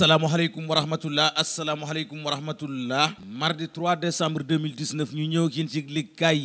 asalaamaaleykum wa rahmatullah asalaamaaleykum wa rahmatullah mardi 3 décembre 2019 ñu ñëw ak yéen ci yëglikaay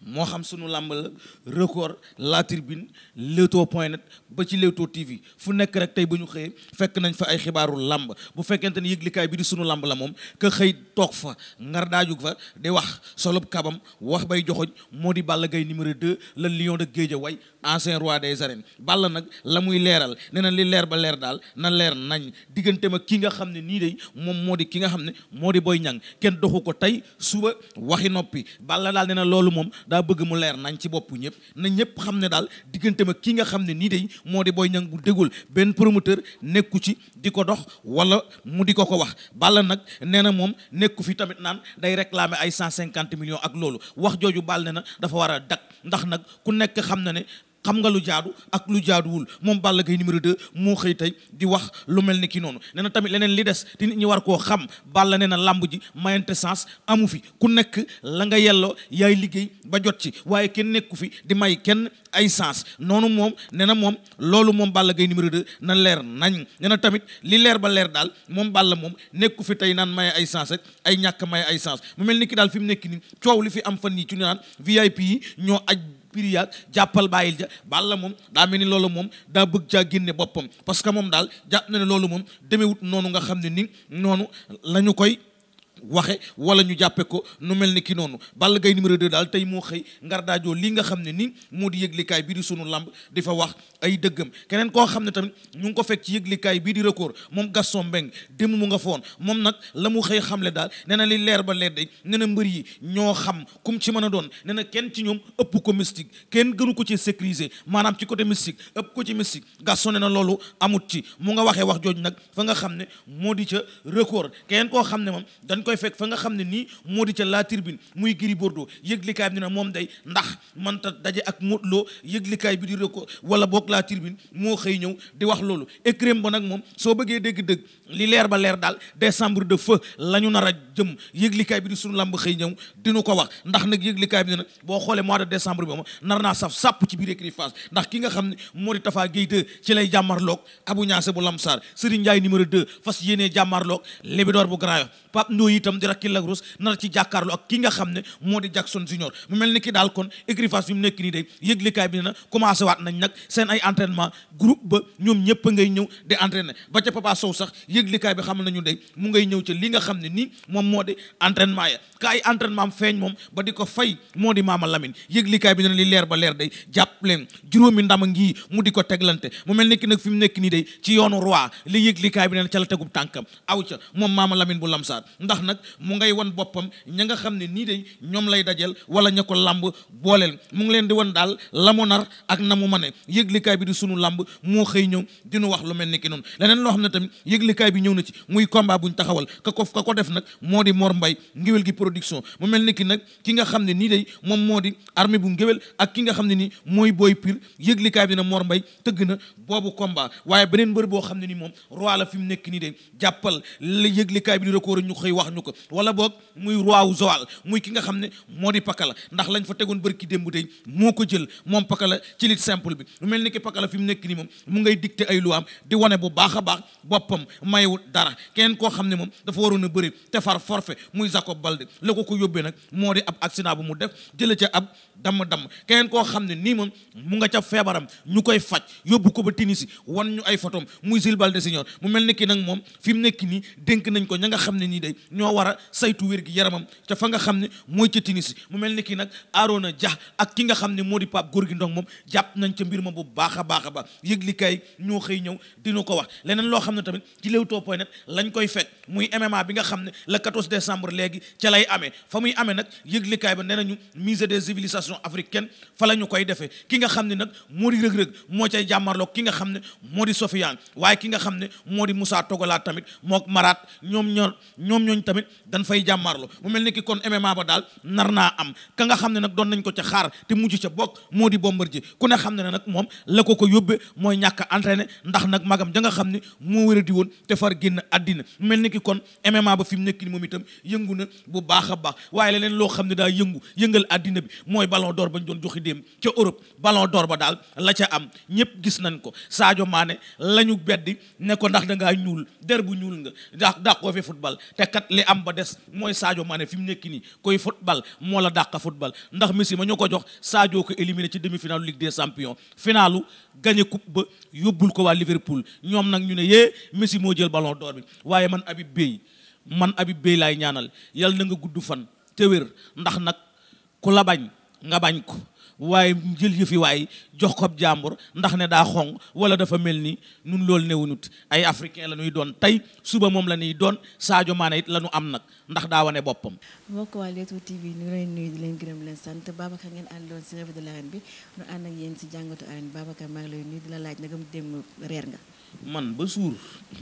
moo xam sunu làmb la record la tribune leewtoo point net ba ci leewtoo tv fu nekk rek tey bu ñu xëyee fekk nañ fa ay xibaaru làmb bu fekkente ni yëglikaay bi di sunu làmb la moom que xëy toog fa ngar daajug fa di wax solob kabam wax bay joxoñ moo di Balla gay numéro 2 le lion de Guédiawaye ancien roi des arènes Balla nag la muy leeral nee na li leer ba leer daal na leer nañ diggante ma ki nga xam ne nii day moom moo di ki nga xam ne moo di Boy Niang kenn doxu ko tey suba waxi noppi Balla daal nee loolu moom daa bëgg mu leer nañ ci bopp ñëpp na ñëpp xam ne daal diggante ma ki nga xam ne nii day moo di booy Niang bu dégul benn promoteur nekku ci di ko dox wala mu di ko ko wax Balla nag nee na moom nekku fi tamit naan day réclamer ay cent cinquante millions ak loolu wax jooju Balla ne na dafa war a dak ndax nag ku nekk xam na ne xam nga lu jaadu ak lu jaaduwul moom Balla Gaye numéro 2 moo xëy tey di wax lu mel ni ki noonu nee na tamit leneen li des te nit ñi war koo xam Balla nee na làmb ji mayante sens amu fi ku nekk la nga yelloo yaay liggéey ba jot ci waaye kenn nekku fi di may kenn ay sens noonu moom nee na moom loolu moom Balla Gaye numéro 2 na leer nañ nee na tamit li leer ba leer daal moom Balla moom nekku fi tey naan maye ay sens rek ay ñàkk maye ay sens mu mel ni ki daal fi mu nekk nii prix yaag jàppal bàyyil ja Balla moom daa mel ni loolu moom daa bëgg caa génne boppam parce que moom daal jàpp na ne loolu moom demewut noonu nga xam ne nii noonu lañu koy waxe wala ñu jàppe ko nu mel ni ki noonu Balla gay numéro 2 daal tey moo xëy ngar daajoo li nga xam ne nii moo di yëglikaay bii di sunu lamb di fa wax ay dëggam keneen koo xam ne tamit ñu ngi ko fekk ci yëglikaay bii di record moom Gaston Mbengue démb mu nga foon moom nag la mu xëy xamle daal nee na li leer ba leer de nee na mbër yi ñoo xam kum ci mën a doon nee na kenn ci ñoom ëpp ko kenn gënu ko ci sécuriser maanaam ci côté mystique ëpp ko ci mystique Gaston na loolu amut ci mu nga waxee wax jooju nag fa nga xam ne moo di ca record keneen xam ne moom dañ ko koy fekk fa nga xam ni nii moo di ca la tribune muy Gris Bordeaux yëglikaay bi ne moom day ndax manta daje ak loo Lo yëglikaay bi di reko wala boog laa tribune moo xëy ñëw di wax loolu écrém ba nag moom soo bëggee dégg-dëgg li leer ba leer daal décembre de feu la ñu nar a jëm yëglikaay bi di sunu làmb xëy ñëw dinu ko wax ndax nag yëglikaay bi ne nag boo xoolee mois de décembre bi moom nar naa saf sàpp ci biir écurie Fass ndax ki nga xam ne moo di Tafa Gueye ci lay jàmmarloog Abou bu Lamsar Serigne Ndiaye numéro 2 fas yéenee jàmmarloog Libidor bu itam di rakki Lac Rose nar ci jàkkaarloo ak ki nga xam ne moo di Jackson Junior mu mel ni ki daal kon écurie Fass bi mu nekk nii day yëglikaay bi na commencé waat nañ nag seen ay entraînement groupe ba ñoom ñëpp ngay ñëw di entraîner ba ca Papa Sow sax yëglikaay bi xam nañu day mu ngay ñëw ca li nga xam ne nii moom moo di entraînement ya ka ay entraînement feeñ moom ba di ko fay moo di Mama Lamine yëglikaay bi ne li leer ba leer day jàpp leen juróomi ndam a ngi mu di ko teglante mu mel ni ki nag fi mu nekk nii day ci yoonu roi li yëglikaay bi ne ca la tegub tànkam aw ca moom Mama Lamine bu lamsaar nag mu ngay wan boppam ña nga xam ne nii de ñoom lay dajeel wala ña ko làmb booleel mu ngi leen di wan daal la mu nar ak na mu mane yëglikaay bi di sunu làmb moo xëy ñëw dinu wax lu mel ni ki noonu leneen loo xam ne tamit yëglikaay bi ñëw na ci muy combat buñ taxawal ka ko ka ko def nag moo di Mor Mbay ngéwél gi production mu mel ni ki nag ki nga xam ne nii day moom moo di armée bu ngéwél ak ki nga xam ne nii mooy booy pir yëglikaay bi na Mor xam ne ni moom roi la fi mu nekk nii de jàppal la yëglikaay bi di record ñu xëy wax ñu nu ko wala boog muy roi wu Joal muy ki nga xam ne moo di pakala ndax lañ fa tegoon bërki démb tey moo ko jël moom pakala ci lit simple bi lu mel ni ki pakala fi mu nekk nii moom mu ngay a baax te far forfait muy Jacob la ko ko yóbbee nag moo di ab accident bu mu def jële ca koo xam ne nii moom mu nga ca feebaram ñu koy faj yóbbu ko ba Tunisie wan ñu ay photom muy Jules Baldé Senior mu mel ni ki nag moom fi mu nekk nii dénk nañ ko ña xam ne nii day ñoo ñoo a saytu wér gi yaramam ca fa nga xam ne mooy ca mu mel ni ki nag Arona Dia ak ki nga xam ne moo di Pape Gorgui Ndong moom jàpp nañ ca mbir ma bu baax a baax a baax yëglikaay ñoo xëy ñëw dina ko wax leneen loo xam ne tamit ci Leewtoo point net lañ koy fekk muy MMA bi nga xam ne le 14 décembre léegi ca lay amee fa muy amee nag yëglikaay ba nee mise de des civilisations africaines fa la ñu koy defee ki nga xam ne nag moo di rëg-rëg moo cay jàmmarloog ki nga xam ne moo di Sofiane waaye ki nga xam ne moo tamit dañ fay jàmmaarlu mu mel ni ki kon MMA ba daal nar naa am ka nga xam ne nag doon nañ ko ca xaar te mujj ca bokk moo di Bombardier ku ne xam ne ne nag moom la ko ko yóbbe mooy ñàkk a entraîné ndax nag magam ja xam ne moo wéra di woon te far génn àddina mu mel ni ki kon MMA ba fi mu nekk ni moom itam yëngu na bu baax a baax waaye leen loo xam ne daa yëngu yëngal àddina bi mooy ballon door ba doon joxi démb ca Europe ballon door ba daal la ca am ñëpp gis nañ ko Sadio Mané la ñu beddi ne ko ndax dangaa ñuul ñuul nga li am ba des mooy Sadio Mané fi mu nekk nii koy football moo la daq dàq football ndax Messi ma ñu ko jox Sadio ko éliminé ci demi-finale Ligue des Champions finalu gagné coupe ba yóbbul ko waa Liverpool ñoom nag ñu ne yee Messi moo jël ballon d'or bi waaye man Habib Beye man abi Beye laay ñaanal yàlla na nga gudd fan te wér ndax nag ku la bañ nga bañ ko waaye jël yëfi waay jox ko jàmbur ndax ne daa xong wala dafa mel ni nun loolu newunut ay africain la ñuy doon tey suba moom la ñuy doon saajo Mané it la ñu am nag ndax daa wane boppam mbokk waa Leewtoo TV ñu lay nuyu di leen gërëm leen sant Babacar ngeen àndoon si bi ñu ànd ak si jàngatu arène maa ngi lay nuyu di la laaj nagam démb reer nga man ba suur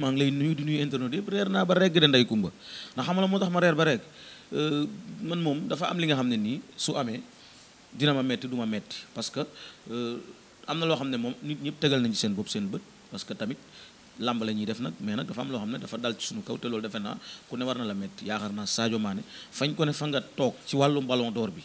maa ngi lay nuyu di nuyu internet yëpp reer naa ba regg de ndey kumba ndax xam la moo tax ma reer ba regg euh, man moom dafa am li nga xam ne nii su amee dina ma metti du metti parce que euh, am na loo xam ne moom nit ñëpp tegal ci seen bopp seen bët parce que tamit làmb la ñuy def nag mais nag dafa am loo xam ne dafa dal ci suñu kaw te loolu defe naa ku ne war na la metti yaakaar naa Sadio Mané fañ ko ne fa nga toog ci wàllu ballon d'or bi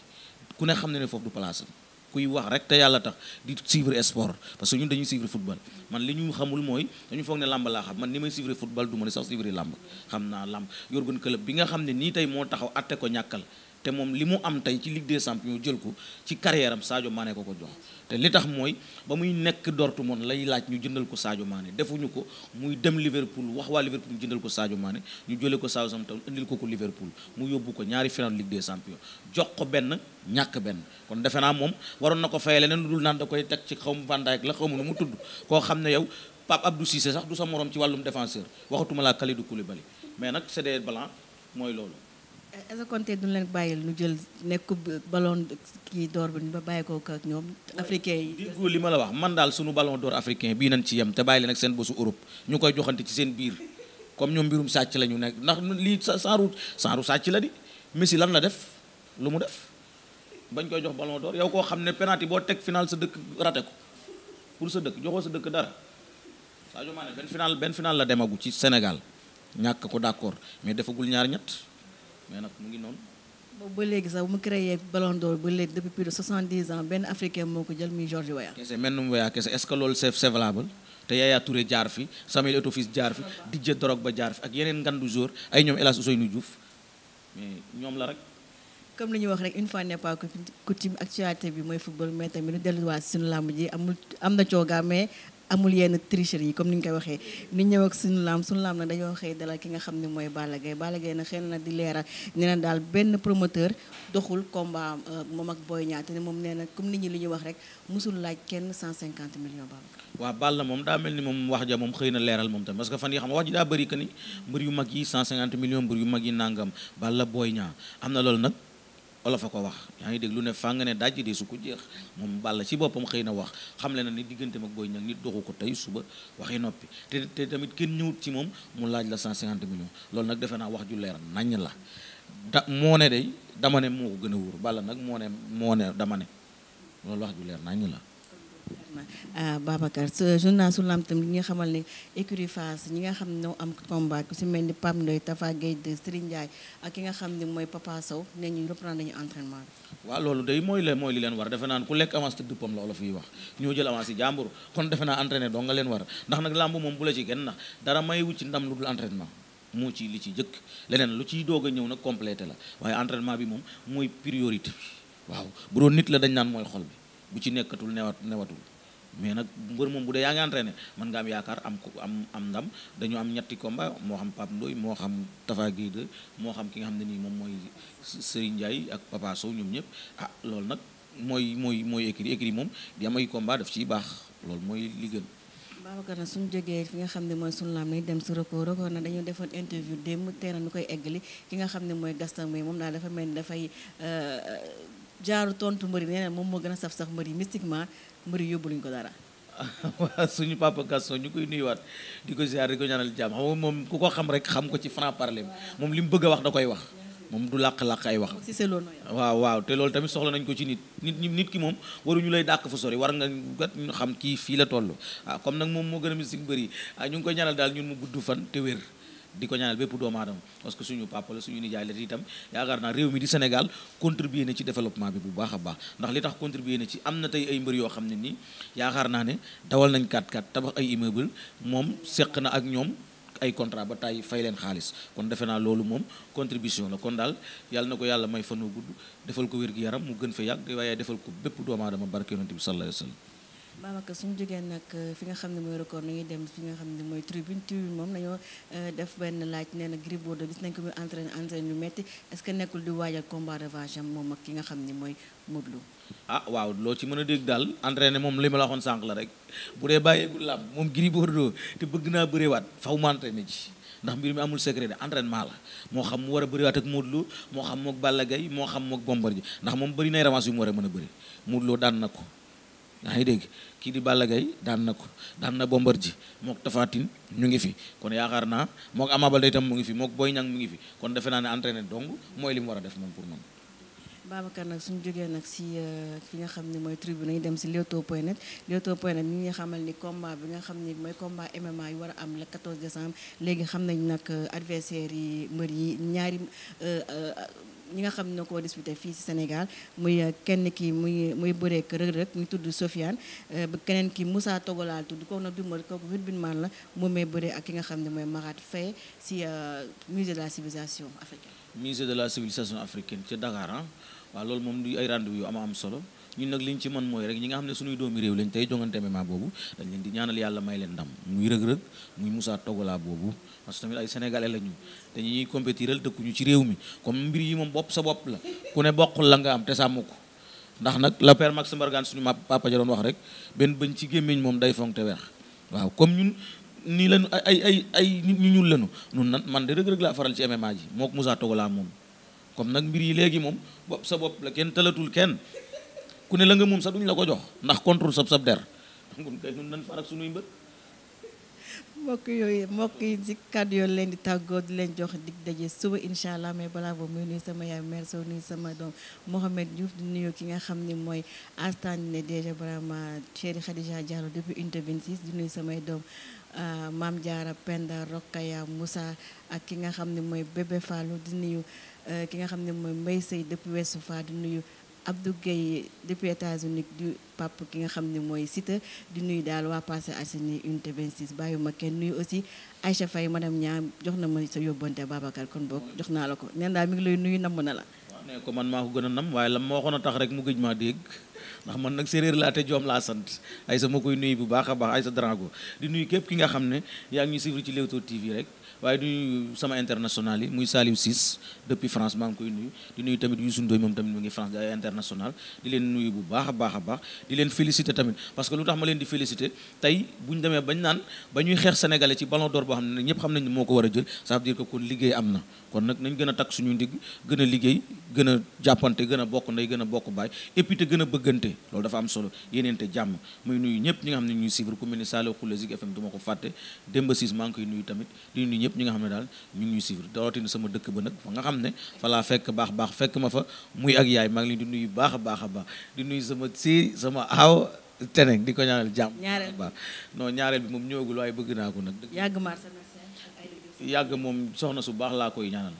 ku ne xam ne ne foofu du place kuy wax rek te yàlla tax di suivre sport parce que ñun dañuy suivre football man li ñu xamul mooy dañu foog ne làmb laa xam man ni may suivre football du ma ne sax suivre làmb xam naa làmb yorgan bi nga xam ne nii tey moo taxaw atte ko ñàkkal te moom li mu am tey ci Ligue des Champions jël ko ci carrière am Sadio Mané ko ko jox te li tax mooy ba muy nekk Dortmund lay laaj ñu jëndal ko Sadio maane defuñu ko muy dem Liverpool wax waa Liverpool jëndal ko Sadio maane ñu jëlee ko Southampton indil ko ko Liverpool mu yóbbu ko ñaari final Ligue des Champions jox ko benn ñàkk benn kon defe naa moom waroon na ko fay leneen lu dul naan da koy teg ci xaw mu Van Dijk la xaw ma nu mu tudd koo xam ne yow Pape Abdou sax du sa morom ci wàllum défenseur waxatuma laa Kalidou Koulibaly mais nag c'est des blancs loolu est-ce que Conte duñ leen bàyyil ñu jël nekk ballon kii d'or bi ba bàyyi ko ak ñoom africain yi. diggu li ma la wax man daal sunu ballon door africain bii nañ ci yem te bàyyi leen ak seen bosu Europe ñu koy joxante ci seen biir comme ñoom mbirum sàcc la ñu nekk ndax lii saaru saaru sàcc la di Messi lan la def lu mu def bañ koy jox ballon d'or yow koo xam ne penalty boo teg final sa dëkk rate ko pour sa dëkk joxoo sa dëkk dara Sadio Mané benn final benn final la demagu ci Sénégal ñàkk ko d'accord mais defagul ñaar ñett. mais nag mu ngi noonu. boobu ba léegi sax mu créé Ballon d'Or ba léegi depuis plus de 70 ans benn africain moo ko jël muy George Weah. kese mel num Weah kese est ce que loolu c'est c'est te Yaya Touré jaar fi Samuel Eto'o jaar fi Didier Drogba jaar fi ak yeneen ngandu joueur ay ñoom El Hadji Ousseynou Diouf mais ñoom la rek. comme li ñu wax rek une fois n'est pas coutume actualité bi mooy football mais tamit lu delluwaat suñu làmb ji amul am na cooga mais amul yenn tricherie yi comme ni ñu koy waxee ni ñëw suñu laam suñu laam nag dañoo xëy dalal ki nga xam ne mooy Balla Gaye Balla Gaye nag xëy na di leeral nee na daal benn promoteur doxul combat euh, moom ak Boy Niang te ne moom nee comme nit ñi li ñuy wax rek musul laaj kenn 150 millions Babacar waaw Balla moom daa mel ni moom wax ja moom xëy na leeral moom tamit parce que fan yi xam wax ji daa bëri que ni mbër yu mag yi 150 yu mag yi nangam Balla Boy am na loolu nag olof a ko wax yaa ngi dégg lu ne fàng ne dajji de su ko jeex moom Balla ci boppam xëy na wax xam le na ni diggante mag booy Niang nit doxu ko tey suba waxi noppi te te tamit kenn ñëwut ci moom mu laaj la cent 150 millions loolu nag defe naa wax ju leer nañ la da moo ne day dama ne moo ko gën a wóor Balla nag moo ne moo ne dama ne loolu wax ju leer nañ la Euh, Babacar journal su lamb tam ñi nga xamal ne écurie Fass ñi nga xam ne ñoo am combat ku si mel ni Pam Ndoy Tafa Gueye de Serigne Ndiaye ki nga xam ne mooy Papa Sow ne ñu reprendre nañu entraînement bi waa loolu de mooy le mooy li leen war defe naan ku lekk avance te duppam la olof wax ñoo jël avance yi jàmbur kon defe naa entraîné doo nga leen war ndax nag lamb moom bu la ci genn na dara mayewu ci ndam lu dul entraînement moo ci li ci jëkk leneen lu ciy doog a ñëw nag complété la waaye entraînement bi moom mooy priorité bi waaw nit la dañ naan mooy xol bi bu ci nekkatul newat newatul mais nag mbër moom bu dee yaa ngi entraîné mën nga am yaakaar am am ndam dañu am ñetti combat moo xam Pape Ndoye moo xam Tafa Guèye 2 moo xam ki nga xam ne nii moom mooy Serigne Ndiaye ak Papa Sow ñëpp ah loolu nag mooy mooy mooy écrit écrit moom di am ay combat daf ciy baax loolu mooy li gën. Babacar nag jegee fi nga xam ne mooy suñu laam dañuy dem si record record nag dañoo defoon interview démb tey na koy eggali ki nga xam ne mooy Gaston mooy moom daal dafa mel ni dafay. Euh, jaar tontu mbëri nee moom moo gën a saf-saf mbëri mystiquement mbëri yóbbu luñ ko dara waaw suñu papa Gaston ñu koy nuyuwaat di ko ziar di ko ñaanal jàmm xam nga moom ku ko xam rek xam ko ci franc parler moom li mu bëgg a wax da koy wax moom du làq-làq ay wax waaw waaw te loolu tamit soxla nañ ko ci nit nit nit ki moom ñu lay dàq fu sori war nga gat xam kii fii la toll waaw ah, comme nag moom moo gën a mystique bëri ah ñu ngi koy ñaanal daal ñun mu gudd fan te di ko ñaanal bépp doomaadama parce que suñu papa la suñu nijaay la itam yaakaar naa réew mi di Sénégal contribuer na ci développement bi bu baax a baax ndax li tax contribuer na ci am na tey ay mbër yoo xam ne nii yaakaar naa ne dawal nañ 4-4 tabax ay immeuble moom seq na ak ñoom ay contrat ba tàyyi fay leen xaalis kon defe naa loolu moom contribution la kon daal yàlla na ko yàlla may fan wu gudd defal ko wér-gu-yaram mu gën fa yàgg waaye defal ko bépp doomu aadama barke yonent bi sallallahu alayhi wa sallam Babacar suñu jógee nag euh, fi nga xam ne mooy record nañuy dem fi nga xam ne mooy tribune tribune moom nañoo euh, def benn laaj nee na Gris Bordeaux gis nañ ko muy entraîné entraîné yu metti est que nekkul di waajal combat revanche am moom ak ki nga xam ni mooy Modou Lô ah, waaw loo ci mën a dégg daal entraîné moom li ma la sànq la rek bu dee bàyyeegul làmb moom Gris Bordeaux te bëgg naa bëreewaat faw ma entraîné ji ndax mbir mi amul secret de entraînement la moo xam mu war a bëriwaat ak Modou lu moo xam mook Balla Gaye moo xam mook Bombardier ndax moom bari nay revanche yu mu war a mën a bëri Modou Lô daan na ko yaa ngi dégg kii di Balla Gaye daan na ko daan na Bombardier mook Tapha Tine ñu ngi fi kon yaakaar naa mook Ama Baldé itam mu ngi fi mook Boy Niang mu ngi fi kon defe naa ne entraîné dong mooy lim mu war a def moom pour moom. Babacar nag suñu jógee nag si euh, fi nga xam ni mooy tribune ñu dem si Leewtoo point net Leewtoo point net ñi nga xamal ni combat bi nga xam ni mooy combat MMA yi war a am le 14 décembre léegi xam nañ nag euh, adversaire yi mbër yi ñaari. Euh, ñi nga xam ne na koo disputé fii ci Sénégal muy euh, kenn ki muy muy bëreek rëg-rëg ñu tudd Sofiane euh, ba keneen ki Moussa Togolaal tudd kooku nag duma kooku wit bin maan la moomee bëree ak ki nga xam ne mooy maraat Faye si euh, musée de la civilisation africaine musée de la civilisation africaine ca Dakar ah waaw loolu moom du ay rendez-vous yu am solo ñun nag liñ ci mën mooy rek ñi nga xam ne suñuy doomi réew lañ tey jongante MMA boobu dañ leen di ñaanal yàlla may leen ndam muy rëg-rëg muy Moussa Togola moom bopp sa bopp la ku ne bokkul la am te sàmm ko ndax nag la père Max Mbargane suñu ma papa ja doon wax rek benn bañ ci gémmiñ moom day fonk te waaw comme ñun nii lañu ay ay nit ñu ñuul lañu nun nan man de rëg-rëg laa faral ci MMA ji mook Moussa Togola moom mbir yi léegi moom bopp sa bopp la kenn talatul kenn ku ne la nga moom sax duñ la ko jox ndax contrôle sab sab der ngun mbokk yooyu mbokk yi ci kàddu yooyu leen di tàggoo di leen jox dig daje suba incha allah mais balaa boobu muy nuyu sama yaay mère Sow sama doom Mohamed Diouf di nuyu ki nga xam ni mooy Astan ne déjà vraiment chéri Khadija Diallo depuis unité 26 di nuyu samay doom euh, Maam Diarra Penda Rokhaya Moussa ak ki nga xam ni mooy Bébé Fallou di nuyu euh, ki nga xam ne mooy Mbaye Seye depuis Ouest Foire di nuyu. Abdou Gueye depuis États-Unis du pape ki nga xam ni mooy Siteu di nuyu daal waa Parcelles Assainies unité 26 bàyyi ma kenn nuy aussi Aïcha Faye madame Niang jox na ma sa yóbbante Babacar kon boog jox naa la ko nee naa mi ngi lay nuyu namm na la. waaw ne ko man maa ko gën a nam waaye lam ma waxoon a tax rek mu gëj maa dégg ndax man nag séeréer laa te joom laa sant Aïssa ma koy nuy bu baax a baax Aïssa Drago di nuyu képp ki nga xam ne yaa ngi ñu suivre ci Leewtoo TV rek. waaye du sama international yi muy Saliou Ciss depuis France maa ngi koy nuyu di nuyu tamit Youssou Ndoye moom tamit mu di leen nuyu bu baax a a baax leen féliciter tamit parce que lu tax ma leen di féliciter tey bu ñu demee bañ naan ba ñuy xeex sénégalais ci ballon d'or boo xam ne ñëpp xam nañ moo ko war a jël ça na kon nag a takk suñu ndig gën a liggéey gën a gën a bokk ndey gën a bokk baay et puis te a bëggante loolu dafa am solo yéeneente jàmm nuyu ñëpp ñi nga xam ne ñuy suivre ku mel ni ko fàtte Demba Ciss maa ngi koy nuyu ñëpp ñi nga xam ne daal ñu ngi ñuy suivre rawatina sama dëkk ba nag fa nga xam ne fa laa fekk baax baax fekk ma fa muy ak yaay mag ngi leen nuy nuyu baax a baax a baax di nuyu sama si sama aaw teneen di ko ñaanal jàmm baax non ñaareel bi moom ñëwagul waaye bëgg naa ko nag yàgg moom soxna su baax laa koy ñaanal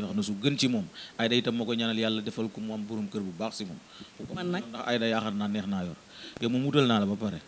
soxna su gën ci moom ayda itam moo ko ñaanal yàlla defal ko mu am borom kër bu baax si moom man nag ndax ayda yaakaar naa neex naa yor yow moom wutal naa la ba pare